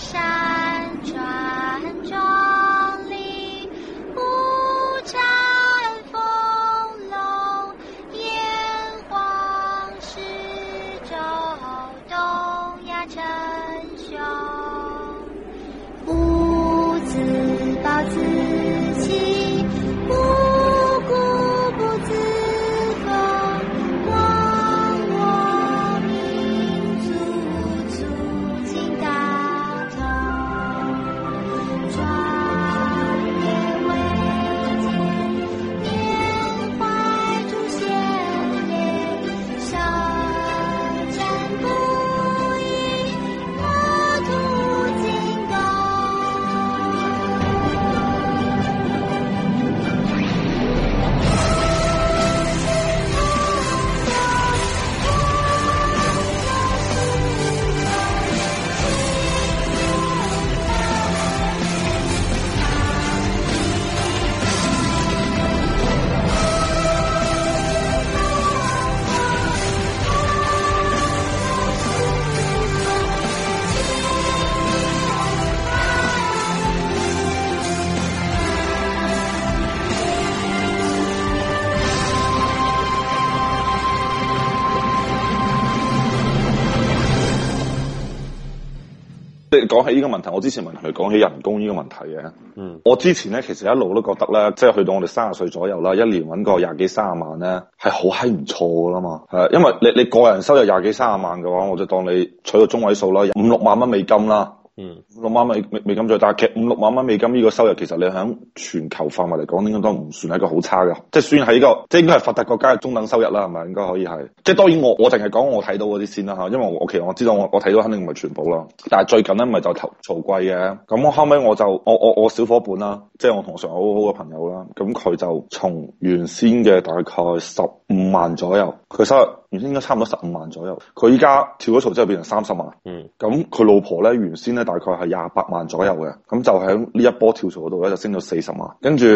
沙。即係講起呢個問題，我之前問佢講起人工呢個問題嘅。嗯，我之前咧其實一路都覺得咧，即係去到我哋三十歲左右啦，一年搵個廿幾三十萬咧，係好閪唔錯噶啦嘛。係啊，因為你你個人收入廿幾三十萬嘅話，我就當你取個中位數啦，五六萬蚊美金啦。嗯，五，六萬蚊美美金在，大係五六萬蚊美金呢個收入，其實你喺全球範圍嚟講，應該都唔算係一個好差嘅，即係算係一個，即係應該係發達國家嘅中等收入啦，係咪？應該可以係，即係當然我我淨係講我睇到嗰啲先啦吓，因為我其實我知道我我睇到肯定唔係全部咯，但係最近咧咪就投儲貴嘅，咁後尾我就我我我小伙伴啦，即係我同上好好嘅朋友啦，咁佢就從原先嘅大概十五萬左右佢收入。原先應該差唔多十五萬左右，佢依家跳咗槽之後變成三十萬。嗯，咁佢老婆呢，原先呢大概係廿八萬左右嘅，咁就喺呢一波跳槽嗰度呢就升咗四十萬，跟住。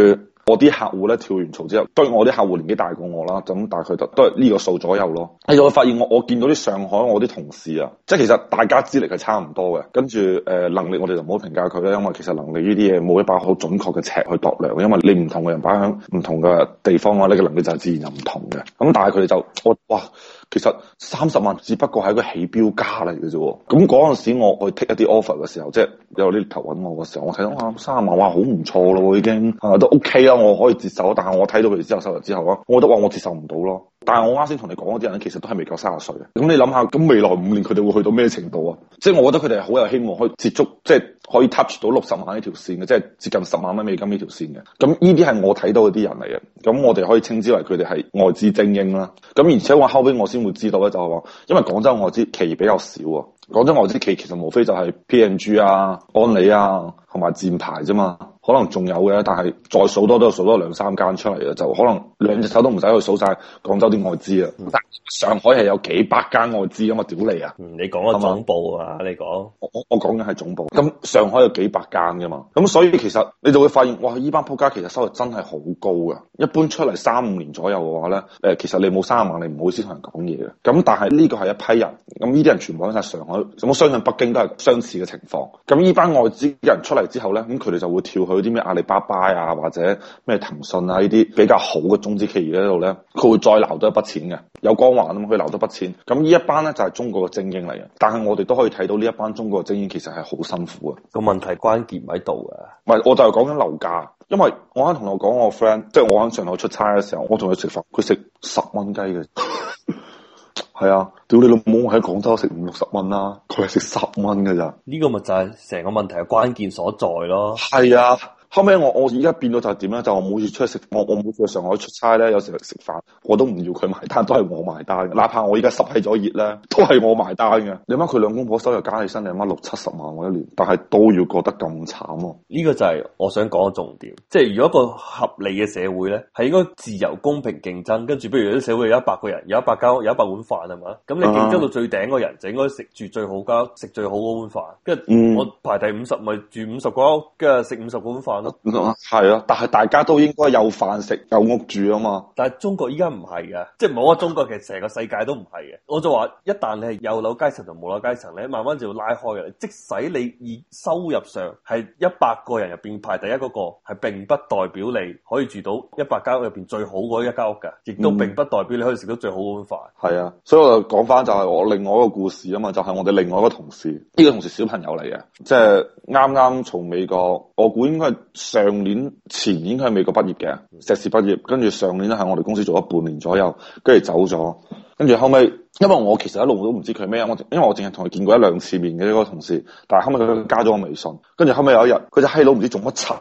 我啲客戶咧，跳完槽之後，對我啲客戶年紀大過我啦，咁但係佢都都係呢個數左右咯。你就會發現我我見到啲上海我啲同事啊，即係其實大家資歷係差唔多嘅，跟住誒、呃、能力我哋就唔好評價佢啦，因為其實能力呢啲嘢冇一把好準確嘅尺去度量，因為你唔同嘅人擺響唔同嘅地方嘅話，你嘅能力就自然就唔同嘅。咁但係佢哋就哇～其實三十萬只不過係一個起標價嚟嘅啫喎，咁嗰陣時我去 take 一啲 offer 嘅時候，即係有啲獵頭揾我嘅時候，我睇到哇，三十萬哇，好唔錯咯已經，啊都 OK 啦、啊，我可以接受，但係我睇到佢之後收入之後啊，我覺得哇，我接受唔到咯。但係我啱先同你講嗰啲人咧，其實都係未夠三十歲嘅。咁你諗下，咁未來五年佢哋會去到咩程度啊？即係我覺得佢哋係好有希望可以接觸，即係可以 touch 到六十萬呢條線嘅，即係接近十萬蚊美金呢條線嘅。咁呢啲係我睇到嗰啲人嚟嘅。咁我哋可以稱之為佢哋係外資精英啦。咁而且我後尾我先會知道咧，就係話，因為廣州外資企業比較少啊。講真，外資企，其實無非就係 P&G 啊、安利啊，同埋箭牌啫嘛。可能仲有嘅，但係再數多都係數多兩三間出嚟,嘅，就可能兩隻手都唔使去數晒廣州啲外資啊，嗯、上海係有幾百間外資啊嘛，屌你啊！你講個總部啊，吧你講說我我講緊係總部。咁上海有幾百間噶嘛？咁所以其實你就會發現，哇！呢班仆街其實收入真係好高噶。一般出嚟三五年左右嘅話咧，誒，其實你冇三萬，你唔好意思同人講嘢嘅。咁但係呢個係一批人，咁呢啲人全部喺晒上海。咁我相信北京都係相似嘅情況。咁呢班外資人出嚟之後呢，咁佢哋就會跳去啲咩阿里巴巴啊，或者咩騰訊啊呢啲比較好嘅中資企業嗰度呢，佢會再留多一筆錢嘅，有光環啊嘛，佢留多筆錢。咁呢一班呢，就係中國嘅精英嚟嘅，但係我哋都可以睇到呢一班中國嘅精英其實係好辛苦啊。個問題關鍵唔喺度啊，唔係我就係講緊樓價，因為我啱同我講我 friend，即係我喺上海出差嘅時候，我同佢食飯，佢食十蚊雞嘅。係啊，屌你老母！我喺廣州食五六十蚊啦，佢係食十蚊㗎咋？呢個咪就係成個問題嘅關鍵所在咯。係啊。後尾我我而家變到就係點咧？就我、我每次出去食，我我每次去上海出差咧，有時食飯我都唔要佢埋單，都係我埋單嘅。哪怕我而家濕氣咗熱咧，都係我埋單嘅。你媽佢兩公婆收入加起身，你媽六七十萬我一年，但係都要過得咁慘喎、啊。呢個就係我想講嘅重點，即係如果一個合理嘅社會咧，係應該自由公平競爭。跟住，比如啲社會有一百個人，有一百間屋，有一百碗飯係嘛？咁你競爭到最頂嗰人、嗯、就應該食住最好間屋，食最好嗰碗飯。跟住我排第五十咪住五十間屋，跟住食五十碗飯。係啊、嗯，但係大家都應該有飯食、有屋住啊嘛。但係中國依家唔係嘅，即係冇啊！中國其實成個世界都唔係嘅。我就話，一旦你係有樓階層同冇樓階層，你慢慢就要拉開嘅。即使你以收入上係一百個人入邊排第一嗰、嗰個，係並不代表你可以住到一百間屋入邊最好嗰一間屋噶，亦都並不代表你可以食到最好嘅飯。係啊、嗯，所以我就講翻就係我另外一個故事啊嘛，就係、係、我哋另外一個同事。呢、呢個同事小朋友嚟嘅，即係啱啱從美國，我估應該。上年前年佢喺美國畢業嘅，碩士畢業，跟住上年咧喺我哋公司做咗半年左右，跟住走咗。跟住後尾，因為我其實一路都唔知佢咩，我因為我淨係同佢見過一兩次面嘅呢個同事。但係後尾佢加咗我微信，跟住後尾有一日，佢隻閪佬唔知做乜柒。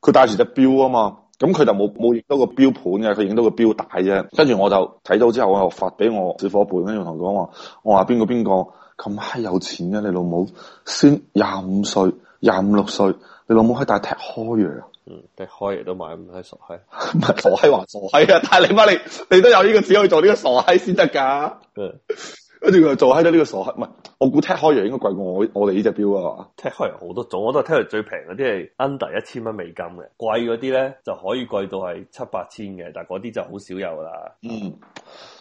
佢戴住隻錶啊嘛，咁佢就冇冇影到個錶盤嘅，佢影到個錶大啫。跟住我就睇到之後，我又發俾我小夥伴，跟住同佢講話，我話邊個邊個咁閪有錢嘅啊？你老母先廿五歲廿五六歲。你老母開大踢開啊！嗯，踢開亦都買唔係傻閪，唔係 傻閪還傻閪啊！但係你媽你你都有呢個只可以做呢個傻閪先得噶。跟住佢做閪得呢個傻閪，唔係我估踢開人應該貴過我我哋呢隻表啊嘛。踢開人好多種，我都係聽嚟最平嗰啲係 under 一千蚊美金嘅，貴嗰啲咧就可以貴到係七八千嘅，但係嗰啲就好少有啦。嗯，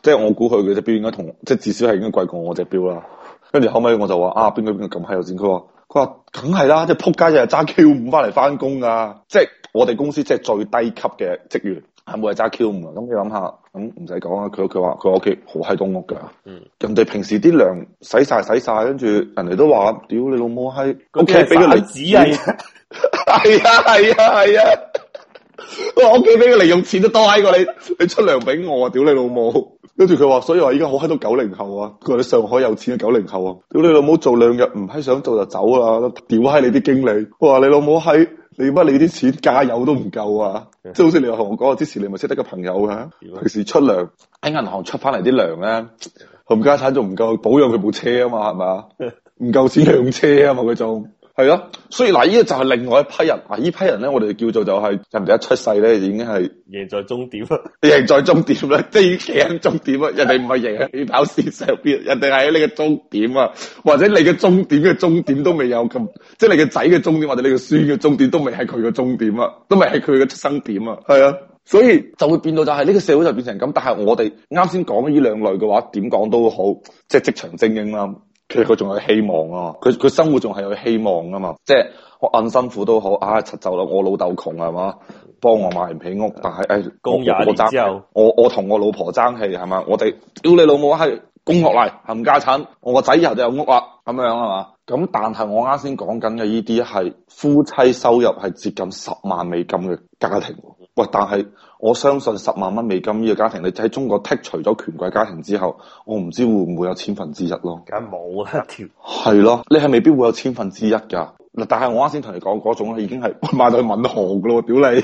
即係、嗯、我估佢嘅隻表應該同即係至少係應該貴過我隻表啦。跟住後尾我就話啊，邊個邊個咁閪有錢，佢話。梗係啦，即係仆街日揸 Q 五翻嚟翻工噶，即係我哋公司即係最低級嘅職員，係冇係揸 Q 五啊？咁你諗下，咁唔使講啦，佢佢話佢屋企好閪東屋噶，嗯，人哋平時啲糧洗晒洗晒，跟住人哋都話，屌你老母喺屋企俾個利子係，係啊係啊係啊，我屋企俾個利用錢都多閪過你，你出糧俾我啊，屌你老母！跟住佢話，所以話而家好閪多九零後啊，佢話你上海有錢嘅九零後啊，屌你老母做兩日唔閪想做就走啦，屌嗨你啲經理，佢話你老母喺，你乜你啲錢加油都唔夠啊，即係 好似你話同我講話之前，你咪識得個朋友啊， 平時出糧喺銀行出翻嚟啲糧咧，冚 家產仲唔夠保養佢部車啊嘛，係咪啊？唔夠 錢養車啊嘛，佢仲。係咯，所以嗱，呢個就係另外一批人啊！呢批人咧，我哋叫做就係、是、人哋一出世咧，已經係贏在終點啊，贏在終點啦，即係 已經贏喺終點啊，人哋唔係贏喺起跑線上邊，人哋係喺你嘅終點啊，或者你嘅終點嘅終點都未有咁， 即係你嘅仔嘅終點或者你嘅孫嘅終點都未係佢嘅終點啊，都未係佢嘅出生點啊，係啊，所以就會變到就係、是、呢、這個社會就變成咁，但係我哋啱先講呢兩類嘅話，點講都好，即係職場精英啦。其實佢仲有希望啊，佢佢生活仲係有希望噶嘛，即係我硬辛苦都好，啊、哎，成就啦，我老豆窮係嘛，幫我買唔起屋，但係誒，工、哎、人之後，我我同我老婆爭氣係嘛，我哋屌你老母係工落嚟，冚家鏟，我個仔以後就有屋啦，咁樣啊嘛，咁但係我啱先講緊嘅呢啲係夫妻收入係接近十萬美金嘅家庭。喂，但係我相信十萬蚊美金呢個家庭，你喺中國剔除咗權貴家庭之後，我唔知會唔會有千分之一咯？梗係冇啦，條係咯，你係未必會有千分之一噶。嗱，但係我啱先同你講嗰種已經係買到去閔行噶咯，屌你！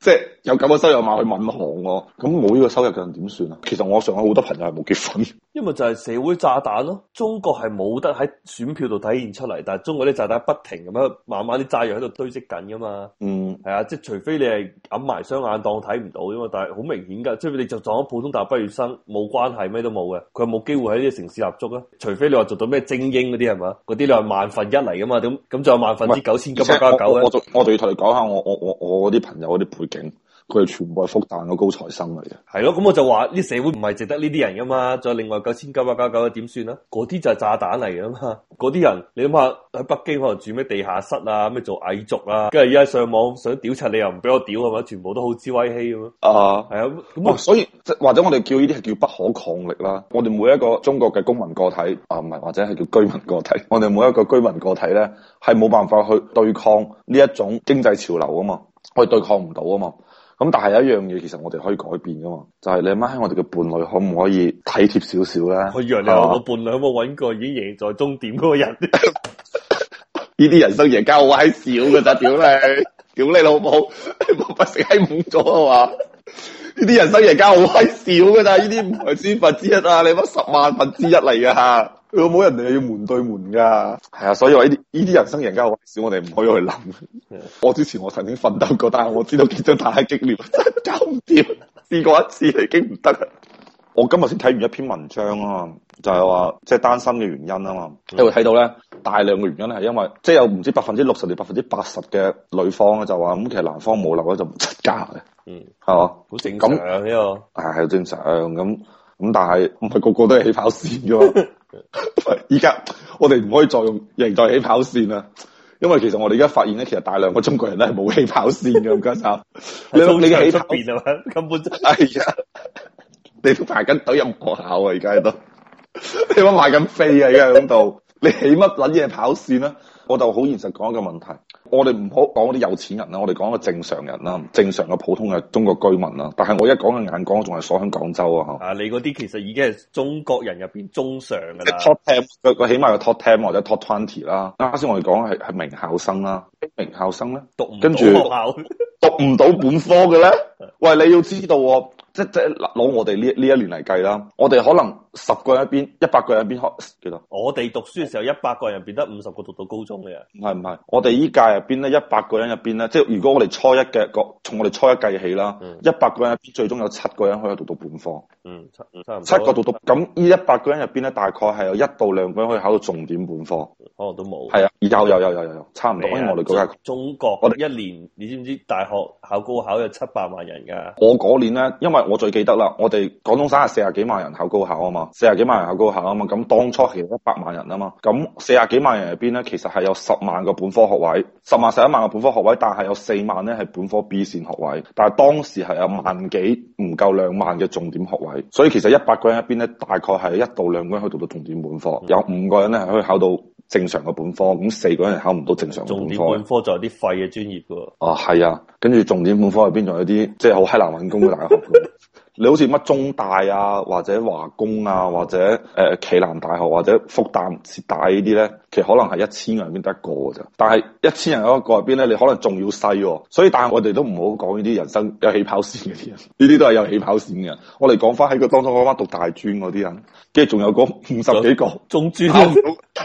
即 係有咁嘅收入買去閔行喎，咁冇呢個收入嘅人點算啊？其實我上海好多朋友係冇結婚。因為就係社會炸彈咯、啊，中國係冇得喺選票度體現出嚟，但係中國啲炸彈不停咁樣，慢慢啲炸藥喺度堆積緊噶嘛。嗯，係啊，即係除非你係揞埋雙眼當睇唔到啫嘛，但係好明顯噶，即係你就撞當普通大學畢業生冇關係咩都冇嘅，佢冇機會喺呢個城市立足啦、啊。除非你話做到咩精英嗰啲係嘛，嗰啲你話萬分一嚟噶嘛，咁咁仲有萬分之九千九百九九咧。我仲我仲要同你講下我我我我啲朋友嗰啲背景。佢哋全部係復旦嘅高材生嚟嘅，係咯？咁我就話呢社會唔係值得呢啲人噶嘛？再另外九千九百九十九點算啊？嗰啲就係炸彈嚟噶嘛？嗰啲人你諗下喺北京可能住咩地下室啊？咩做蟻族啊？跟住而家上網想屌柒你又唔俾我屌係嘛？全部都好之威欺咁啊！係啊，哇、哦！所以或者我哋叫呢啲係叫不可抗力啦。我哋每一個中國嘅公民個體啊，唔係或者係叫居民個體。我哋每一個居民個體咧係冇辦法去對抗呢一種經濟潮流啊嘛，我哋對抗唔到啊嘛。咁但係有一樣嘢，其實我哋可以改變噶嘛，就係、是、你阿媽喺我哋嘅伴侶可唔可以體貼少少咧？我以為你個伴侶有冇揾過已經贏在終點嗰個人？呢啲人生贏家好閪少噶咋？屌你，屌你老母，冇乜死閪冇咗啊嘛？呢啲人生贏家好閪少噶咋？呢啲唔係千分之一啊，你乜十萬分之一嚟噶？有冇人哋要門對門噶？係啊，所以話呢啲呢啲人生贏家少，我哋唔可以去諗。 我之前我曾經奮鬥過，但係我知道競爭太激烈，搞唔掂。試過一次就已經唔得啦。我今日先睇完一篇文章啊，就係話即係單身嘅原因啊嘛。你會睇到咧，大量嘅原因咧，係因為即係有唔知百分之六十定百分之八十嘅女方啊，就話、是、咁其實男方冇樓咧，就唔出嫁嘅。嗯，係嘛吧？好正常呢那、這個係係、哎、正常咁咁，但係唔係個個都係起跑線嘅。 而家我哋唔可以再用贏在起跑線啦。因為其實我哋而家發現咧，其實大量個中國人咧係冇起跑線嘅，唔該收。你 你起跑線啊嘛？根本就係、是 哎、啊！你都排緊隊入學校啊，而家都你我排緊飛啊，而家喺度。你起乜撚嘢跑線啊？我就好現實講一個問題，我哋唔好講啲有錢人啦，我哋講個正常人啦，正常嘅普通嘅中國居民啦。但係我一講嘅眼光仲係鎖喺廣州啊！嚇，啊你嗰啲其實已經係中國人入邊中上㗎啦。Top ten，佢個起碼有 Top ten 或者 Top twenty 啦。啱先我哋講係係名校生啦，名校生咧讀唔到學校，著 讀唔到本科嘅咧，喂你要知道、哦，即即攞我哋呢呢一年嚟計啦，我哋可能。十個人入邊，一百個人入邊，考幾多？我哋讀書嘅時候，一百個人入邊得五十個讀到高中嘅人。唔係唔係，我哋依屆入邊咧，一百個人入邊咧，即係如果我哋初一嘅個，從我哋初一計起啦，一百個人入邊最終有七個人可以讀到本科。嗯，七七七個讀到。咁呢一百個人入邊咧，大概係有一到兩個人可以考到重點本科。可能都冇。係啊，有有有有有，差唔多。因為、啊啊、我哋嗰屆中國，我哋一年，們你知唔知大學考高考有七百萬人噶？我嗰年咧，因為我最記得啦，我哋廣東省係四十幾萬人考高考啊嘛。四十幾萬人考高考啊嘛，咁、嗯、當初其實一百萬人啊嘛，咁、嗯、四十幾萬人入邊咧，其實係有十萬個本科學位，十萬十一萬個本科學位，但係有四萬咧係本科 B 線學位，但係當時係有萬幾唔夠兩萬嘅重點學位，所以其實一百個人入邊咧，大概係一到兩個人可以讀到重點本科，嗯、有五個人咧係可以考到正常嘅本科，咁四個人係考唔到正常本科，重點本科就係啲廢嘅專業噶、哦，啊係、哦、啊，跟住重點本科入邊仲有啲即係好閪難揾工嘅大學。 你好似乜中大啊，或者華工啊，或者誒暨南大學或者復旦浙大呢啲咧，其實可能係一千人入邊得一個咋。但係一千人有一個入邊咧，你可能仲要細喎、啊。所以但係我哋都唔好講呢啲人生有起跑線嘅啲人，呢啲都係有起跑線嘅。我哋講翻喺個當中嗰班讀大專嗰啲人，跟住仲有嗰五十幾個打中專打，中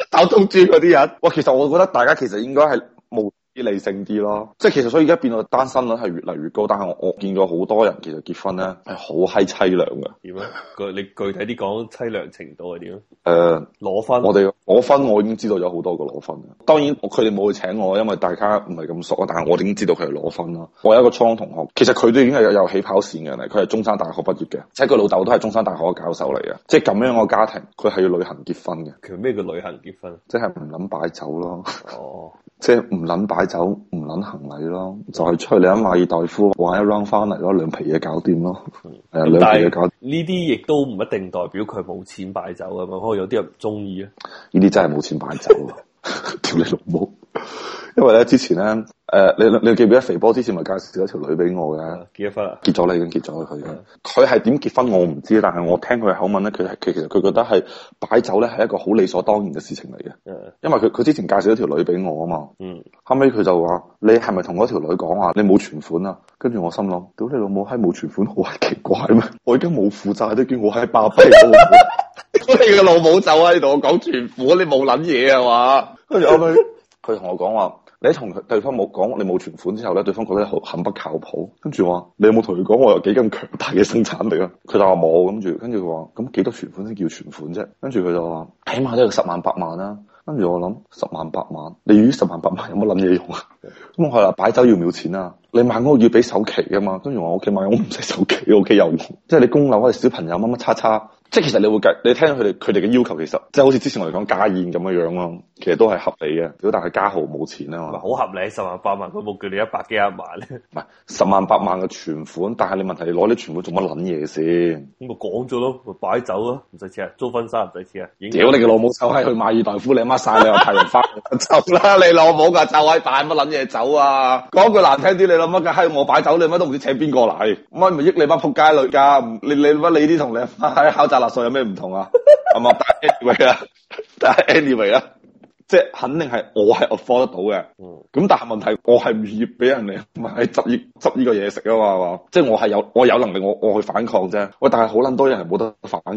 打中專嗰啲人。哇， 其實我覺得大家其實應該係冇。啲理性啲咯，即係其實所以而家變到單身率係越嚟越高，但係我我見咗好多人其實結婚咧係好閪淒涼嘅。點咧、啊？佢你具體啲講淒涼程度係點咧？誒、呃，攞分，我哋攞分，我已經知道有好多個攞分嘅。當然，佢哋冇去請我，因為大家唔係咁熟啊。但係我已經知道佢係攞分咯。我有一個初中同學，其實佢都已經係有起跑線嘅人嚟。佢係中山大學畢業嘅，即係佢老豆都係中山大學嘅教授嚟嘅。即係咁樣嘅家庭，佢係要旅行結婚嘅。其實咩叫旅行結婚？即係唔諗擺酒咯。哦。即係唔捻擺酒，唔捻行禮咯，就係、是、出去你喺馬爾代夫玩一 round 翻嚟咯，兩、嗯、皮嘢搞掂咯，誒兩皮嘢搞掂，呢啲亦都唔一定代表佢冇錢擺酒啊，可能有啲人唔中意啊。呢啲真係冇錢擺酒啊，屌 你老母！因為咧之前咧，誒，你你記唔記得肥波之前咪介紹咗條女俾我嘅？結咗婚啦，結咗啦已經結咗佢。佢係點結婚我唔知，但係我聽佢嘅口吻咧，佢係其實佢覺得係擺酒咧係一個好理所當然嘅事情嚟嘅。Yeah. 因為佢佢之前介紹咗條女俾我啊嘛。嗯。後尾佢就話：你係咪同嗰條女講話、啊、你冇存款啊？跟住我心諗：屌你老母閪冇存款好係奇怪咩？我已經冇負債都叫我閪巴閉，你個老母走喺度同我講存 款，你冇諗嘢係嘛？跟住後尾，佢同我講話。你同佢對方冇講你冇存款之後咧，對方覺得好很不靠譜，跟住話：你有冇同佢講我有幾咁強大嘅生產力啊？佢就話冇，跟住跟住佢話：咁幾多存款先叫存款啫？跟住佢就話：起碼都要十萬八萬啦、啊。跟住我諗十萬八萬，你於十萬八萬有乜諗嘢用啊？咁 我話擺酒要唔要錢啊？你買屋要俾首期㗎嘛。跟住我屋企買屋唔使首期，屋企有我，即係你供樓係小朋友乜乜叉叉。即係其實你會計，你聽佢哋佢哋嘅要求，其實即係好似之前我哋講家宴咁嘅樣咯，其實都係合理嘅，表但係家豪冇錢啦嘛。好合理，十萬八萬佢冇叫你一百幾廿萬咧。唔係十萬八萬嘅存款，但係你問題攞啲存款做乜撚嘢先？咁我講咗咯，擺酒啊，唔使錢啊，租婚紗唔使錢啊。屌你個老母臭閪，去馬爾代夫你阿媽晒你又睇人翻 走啦！你老母噶，就係扮乜撚嘢走啊？講句難聽啲，你老媽嘅閪，我擺酒你乜都唔知請邊個嚟，乜咪益你班撲街女噶？你你乜你啲同你喺考砸？垃圾有咩唔同啊？係嘛，但係 anyway 啊，但係 anyway 啊，即係肯定係我係 afford 得到嘅。咁但係問題，我係唔業俾人哋買執業執呢個嘢食啊嘛，係嘛，即係我係有我有能力我，我我去反抗啫。喂，但係好捻多人係冇得反抗。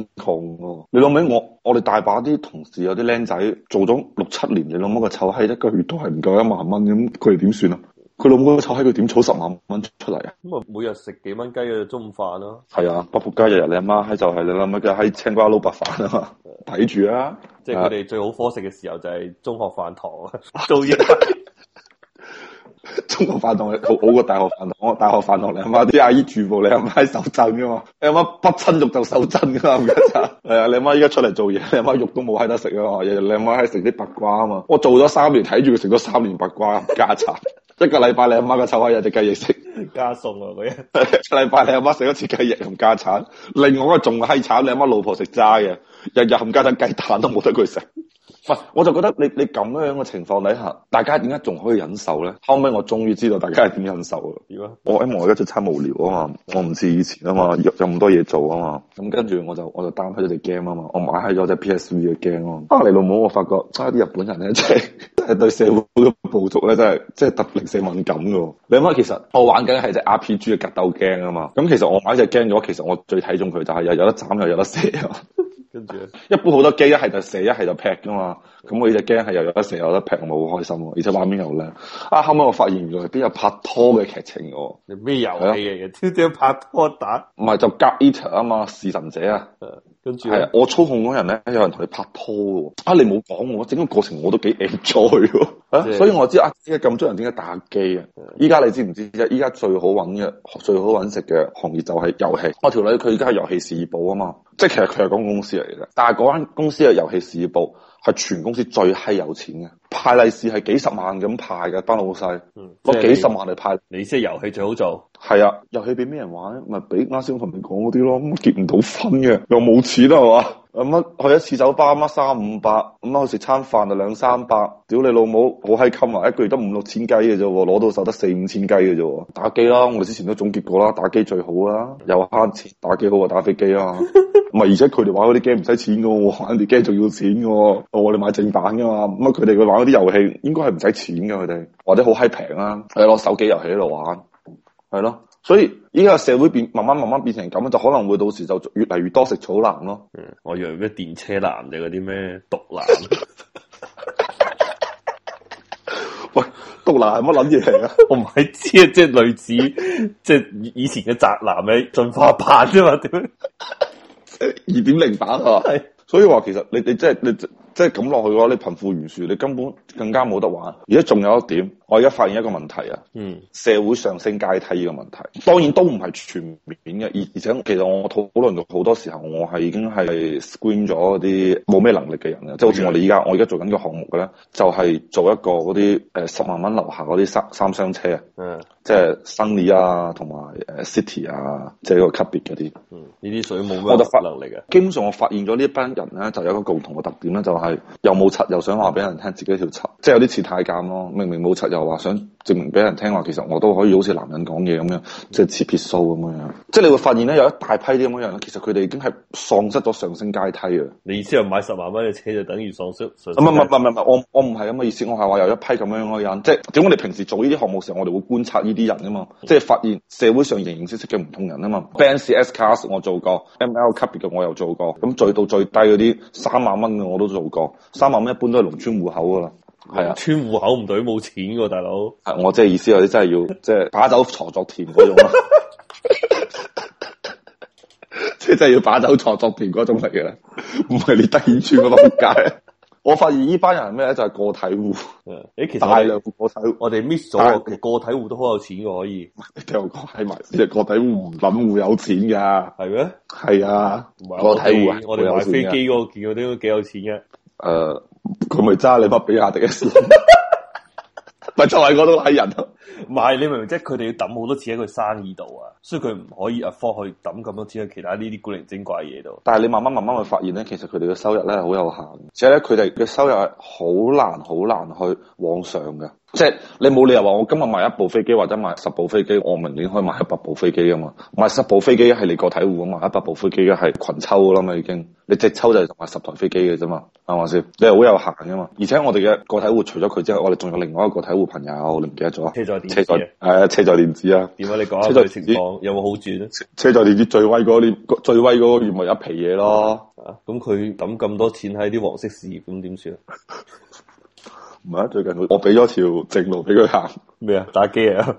你諗起我我哋大把啲同事有啲僆仔做咗六七年，你諗下個臭閪一個月都係唔夠一萬蚊，咁佢哋點算啊？佢老母咁喺佢點儲十萬蚊出嚟啊，啊？咁啊，每日食幾蚊雞嘅中午飯咯。係、就是就是、啊，北仆街日日你阿媽喺就係你阿媽嘅喺青瓜撈白飯啊。嘛。睇住啊，即係佢哋最好伙食嘅時候就係中學飯堂啊。做嘢 中學飯堂好好，好過大學飯堂。 我大學飯堂你媽，你阿媽啲阿姨全部你阿媽手震噶嘛？你阿媽不親肉就手震噶嘛？唔係啊，你阿媽依家出嚟做嘢，你阿媽肉都冇喺得食啊！日日你阿媽喺食啲白瓜啊嘛。我做咗三年睇住佢食咗三年白瓜加茶。家一個禮拜你阿媽個臭閪有隻雞翼食，加餸啊！佢 一個禮拜你阿媽食一次雞翼冚家鏟，另外嗰個仲閪慘你阿媽老婆食渣嘅，日日冚家鏟雞蛋都冇得佢食。唔 我就覺得你你咁樣嘅情況底下，大家點解仲可以忍受咧？後尾我終於知道大家係點忍受啊嗎、欸！我因為我而家出差無聊啊嘛，我唔似以前啊嘛，嗯、有咁多嘢做啊嘛。咁、嗯、跟住我就我就 down 開咗隻 game 啊嘛，我買開咗隻 PSV 嘅 game 啊。阿你老母，我發覺差啲日本人咧即係。就是 係對社會好多暴族咧，真係即係特別性敏感嘅。你諗下，其實我玩緊係隻 RPG 嘅格鬥鏡啊嘛。咁其實我玩隻鏡咗，其實我最睇中佢就係又有得斬又有，有得射。跟住一般好多機，一係就射，一係就劈噶嘛。咁我呢隻鏡係又有得射又有得又劈，我好開心。而且畫面又靚。啊，後尾我發現原來邊有拍拖嘅劇情嘅。你咩遊戲嚟嘅？跳跳、啊、拍拖打。唔係就 God Eater 啊嘛，《侍神者》啊。 跟住係啊，我操控嗰人咧，有人同你拍拖喎，啊你冇講我，整個過程我都幾 enjoy 咯，所以我知啊，依家咁多人點解打機啊？依家的你知唔知啫？依家最好揾嘅，最好揾食嘅行業就係遊戲。我條女佢而家係遊戲事業部啊嘛，即係其實佢係講公司嚟嘅，但係嗰間公司嘅遊戲事業部。係全公司最閪有錢嘅，派利是係幾十萬咁派嘅，班老細，個、嗯、幾十萬嚟派。你即係遊戲最好做，係啊，遊戲俾咩人玩咧？咪俾啱先同你講嗰啲咯。咁結唔到婚嘅，又冇錢啦，係嘛？去一次酒吧三五百，去食餐飯就兩三百，屌你老母，好閪襟啊！一個月得五六千雞嘅啫，攞到手得四五千雞嘅啫。打機啦，我之前都總結過啦，打機最好啦，又慳錢，打機好過打飛機啦。唔 而且佢哋玩嗰啲 game 唔使錢嘅、哦，我玩啲 game 仲要錢嘅。我哋買正版嘅嘛，乜佢哋佢玩嗰啲遊戲應該係唔使錢嘅，佢哋或者好閪平啦，係攞手機遊戲喺度玩，係咯。所以依家社會變慢慢慢慢變成咁，就可能會到時就越嚟越多食草男咯、嗯。我以為咩電車男定嗰啲咩毒男？ 喂，毒男係乜諗嘢嚟啊？我唔係知啊，即係類似即係以前嘅宅男味進化 2. 版啫嘛？點樣二點零版啊？所以話其實你你真、就、係、是、你、就是。即係咁落去嘅話，你貧富懸殊，你根本更加冇得玩。而家仲有一點，我而家發現一個問題啊！嗯，社會上升階梯嘅個問題，當然都唔係全面嘅。而而且其實我討論到好多時候，我係已經係 screen 咗嗰啲冇咩能力嘅人嘅，嗯、即係好似我哋依家我而家做緊個項目嘅咧，就係、是、做一個嗰啲誒十萬蚊樓下嗰啲三三箱車、嗯、啊！嗯，即係 Sunny 同埋誒 City 啊，即係個級別嗰啲。嗯，呢啲水冇咩。我得法律嚟嘅。基本上我發現咗呢一班人咧，就有一個共同嘅特點咧，就係、是。又冇柒，又想話俾人聽自己條柒，即有啲似太監咯。明明冇柒，又話想。證明俾人聽話，其實我都可以好似男人講嘢咁樣，即係切撇數咁樣。即係你會發現咧，有一大批啲咁樣嘅人，其實佢哋已經係喪失咗上升階梯啊！你意思係買十萬蚊嘅車就等於喪失？唔係唔係唔係唔係，我我唔係咁嘅意思，我係話有一批咁樣嘅人，即係點解，你平時做呢啲項目時候，我哋會觀察呢啲人啊嘛，即係發現社會上形形色色嘅唔同人啊嘛。Benz S Class、嗯、我做過，ML 級別嘅我又做過，咁最到最低嗰啲三萬蚊嘅我都做過。三萬蚊一般都係農村戶口噶啦。係啊，遷、嗯、戶口唔對，冇錢噶大佬。係我即係意思，你真係要即係把走鋤作田嗰種啊！即係真係要把走鋤作田嗰種嚟嘅啦，唔係你突然轉個乜鬼？我發現呢班人咩咧？就係個體戶。嗯，誒，其實大量個體戶，我哋 miss 咗個個體戶都好有錢噶，可以。你聽我講，睇埋啲個體戶唔諗會有錢噶，係咩？係嗎啊，個體戶，我哋買飛機嗰個見到都幾有錢嘅。誒，佢咪揸你筆比亞迪嘅？咪就係嗰度拉人咯，唔係你明唔明？即係佢哋要抌好多錢喺佢生意度啊，所以佢唔可以 afford 去抌咁多錢喺其他呢啲古靈精怪嘢度。 但係你慢慢慢慢去發現咧，其實佢哋嘅收入咧好有限，而且咧佢哋嘅收入係好難好難去往上嘅。即係你冇理由話我今日買一部飛機或者買十部飛機，我明年可以買一百部飛機㗎嘛！買十部飛機係嚟個體戶㗎嘛，一百部飛機嘅係群抽啦嘛已經。你即係抽就係買十台飛機嘅啫嘛，啱唔啱先？你係好有限噶嘛。而且我哋嘅個體戶除咗佢之外，我哋仲有另外一個，個體戶朋友，你唔記得咗。車載電子，係啊，車載電子啊。點解你講下佢情況？有冇好轉？車載電、啊啊、電子最威嗰啲、那個，最威嗰年咪有一皮嘢咯。咁佢抌咁多錢喺啲黃色事業，咁點算？ 唔係啊！最近我我俾咗條正路俾佢行咩啊？打機啊？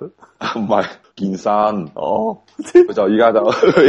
唔係 健身哦。佢 就依家就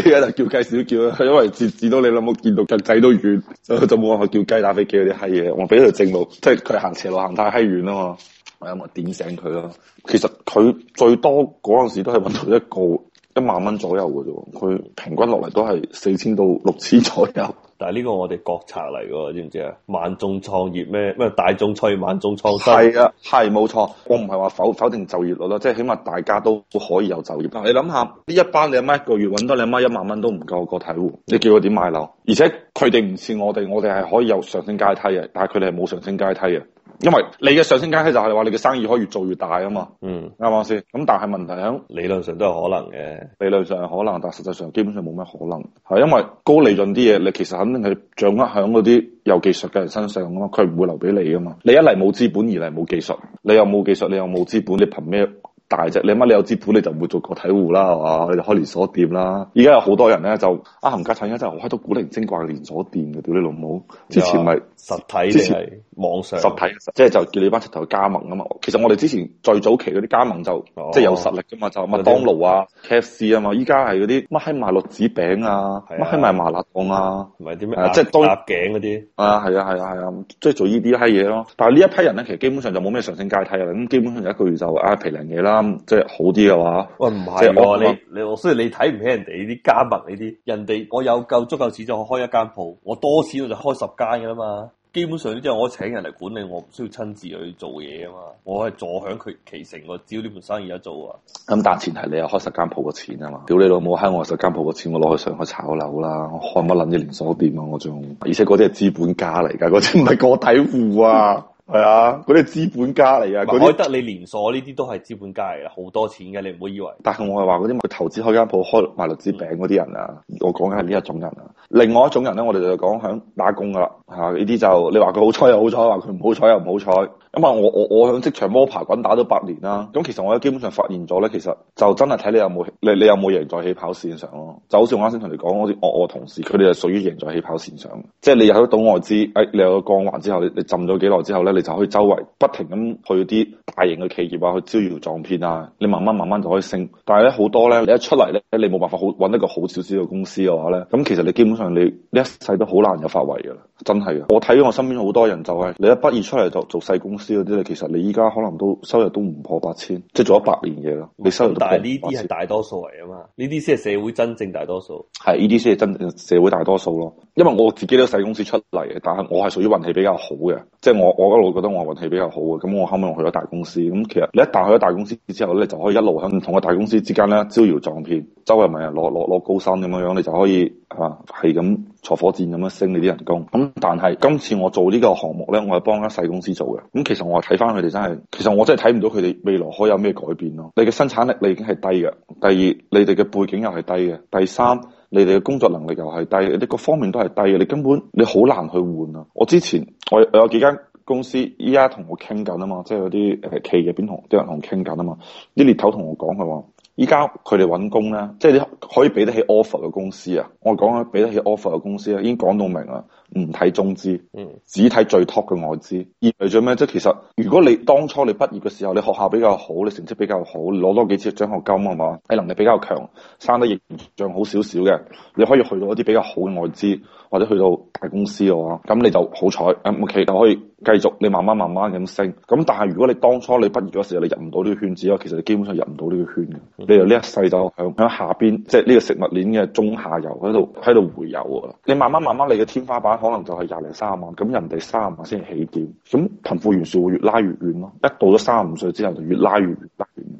依家就叫雞少叫，因為截止到你老母見到腳仔都遠，就冇話佢叫雞打飛機嗰啲閪嘢。我俾條正路，即係佢行斜路行太閪遠啦嘛。我有冇點醒佢啦？其實佢最多嗰陣時都係揾到一個一萬蚊左右嘅啫。佢平均落嚟都係四千到六千左右。但係呢個我哋國策嚟嘅，知唔知啊？萬眾創業咩咩大眾創業萬眾創新係啊，係冇錯。我唔係話否否定就業率咯，即係起碼大家都可以有就業。你諗下，呢一班你阿媽一個月搵多你阿媽一萬蚊都唔夠個體戶，你叫佢點買樓？而且佢哋唔似我哋，我哋係可以有上升階梯嘅，但係佢哋係冇上升階梯嘅。因為你嘅上升階梯就係話你嘅生意可以越做越大啊嘛，嗯，啱唔啱先？咁但係問題喺理論上都有可能嘅，理論上可能，但係實際上基本上冇乜可能，係因為高利潤啲嘢，你其實肯定係掌握響嗰啲有技術嘅人身上啊嘛，佢唔會留俾你㗎嘛，你一嚟冇資本，二嚟冇技術，你又冇技術，你又冇資本，你憑咩？大隻，你乜你有資本你就唔會做個體戶啦，係嘛？你就開連鎖店啦。而家有好多人咧就阿冚家產，而家真係開多古靈精怪嘅連鎖店嘅，屌你老母！之前咪實體，之前網上實體，即係就叫你班出頭去加盟啊嘛。其實我哋之前最早期嗰啲加盟就即係有實力㗎嘛，就麥當勞啊、KFC 啊嘛。依家係嗰啲乜閪賣栗子餅啊，乜閪賣麻辣燙啊，唔係啲咩即係多鴨頸嗰啲啊，係啊係啊係啊，即係做呢啲閪嘢咯。但係呢一批人咧，其實基本上就冇咩上升階梯啊，咁基本上就一個月就啊皮零嘢啦。啱，即係好啲嘅話，喂唔係我話你你，雖然你睇唔起人哋啲加盟呢啲，我人哋我有夠足夠錢就開一間鋪我多錢我就開十間噶啦嘛。基本上呢啲我請人嚟管理，我唔需要親自去做嘢啊嘛。我係坐享佢其成，我只要呢盤生意一做啊。咁但、嗯、前提你又開十間鋪嘅錢啊嘛，屌你老母，喺我十間鋪嘅錢我攞去上海炒樓啦，我開乜撚啲連鎖店啊，我仲，而且嗰啲係資本家嚟噶，嗰啲唔係個體戶啊。 係啊，嗰啲資本家嚟啊，開不些得你連鎖呢啲都係資本家嚟啊，好多錢嘅，你唔好以為。但係我係話嗰啲投資開間鋪開賣栗子餅嗰啲人啊，嗯、我講緊係呢一種人啊。另外一種人咧，我哋就講響打工噶啦吓，呢、啊、啲就你話佢好彩又好彩，話佢唔好彩又唔好彩。咁啊，我我我喺職場摸爬滾打咗八年啦，咁其實我咧基本上發現咗咧，其實就真係睇你有冇你你有冇贏在起跑線上咯、啊。就好似我啱先同你講，我啲我我同事佢哋就屬於贏在起跑線上，即係你入得到外資，誒你有個光環之後，你你浸咗幾耐之後咧，你就可以周圍不停咁去啲大型嘅企業啊，去招搖撞騙啊，你慢慢慢慢就可以升。但係咧好多咧，你一出嚟咧，你冇辦法好搵一個好少少嘅公司嘅話咧，咁其實你基本上你呢一世都好難有發圍嘅啦，真係啊，我睇咗我身邊好多人就係、是、你一畢業出嚟就做細公司。啲咧，其實你依家可能都收入都唔破八千，即係做咗百年嘢咯。你收入，但係呢啲係大多數嚟啊嘛，呢啲先係社會真正大多數。係呢啲先係真正社會大多數咯。因為我自己都細公司出嚟嘅，但係我係屬於運氣比較好嘅，即係我我一路覺得我運氣比較好嘅。咁我後尾我去咗大公司，咁其實你一旦去咗大公司之後咧，你就可以一路喺唔同嘅大公司之間咧招搖撞騙，周圍咪人攞攞攞高薪咁樣樣，你就可以係啊，係咁。坐火箭咁樣升你啲人工，咁、嗯、但係今次我做呢個項目咧，我係幫一間細公司做嘅。咁、嗯、其實我係睇翻佢哋真係，其實我真係睇唔到佢哋未來可以有咩改變咯。你嘅生產力你已經係低嘅，第二你哋嘅背景又係低嘅，第三你哋嘅工作能力又係低，你各方面都係低嘅，你根本你好難去換啊！我之前我有幾間公司依家同我傾緊啊嘛，即係有啲、呃、企業邊同啲銀行傾緊啊嘛，啲獵頭同我講佢話。依家佢哋揾工咧，即係你可以俾得起 offer 嘅公司啊！我講啊，俾得起 offer 嘅公司咧，已經講到明啦，唔睇中資，嗯，只睇最 top 嘅外資。而為咗咩？即係其實，如果你當初你畢業嘅時候，你學校比較好，你成績比較好，攞多幾次獎學金係嘛，你能力比較強，生得形象好少少嘅，你可以去到一啲比較好嘅外資或者去到大公司嘅話，咁你就好彩，OK，就可以繼續你慢慢慢慢咁升。咁但係如果你當初你畢業嗰時候，你入唔到呢個圈子咧，其實你基本上入唔到呢個圈嘅，你由呢一世就響響下邊，即係呢個食物鏈嘅中下游喺度喺度回游啊！你慢慢慢慢，你嘅天花板可能就係廿零三萬，咁人哋三萬先起點。咁貧富懸殊會越拉越遠咯。一到咗三十五歲之後，就越拉越拉越遠。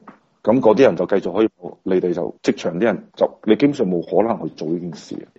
咁嗰啲人就繼續可以，你哋就職場啲人就你基本上冇可能去做呢件事。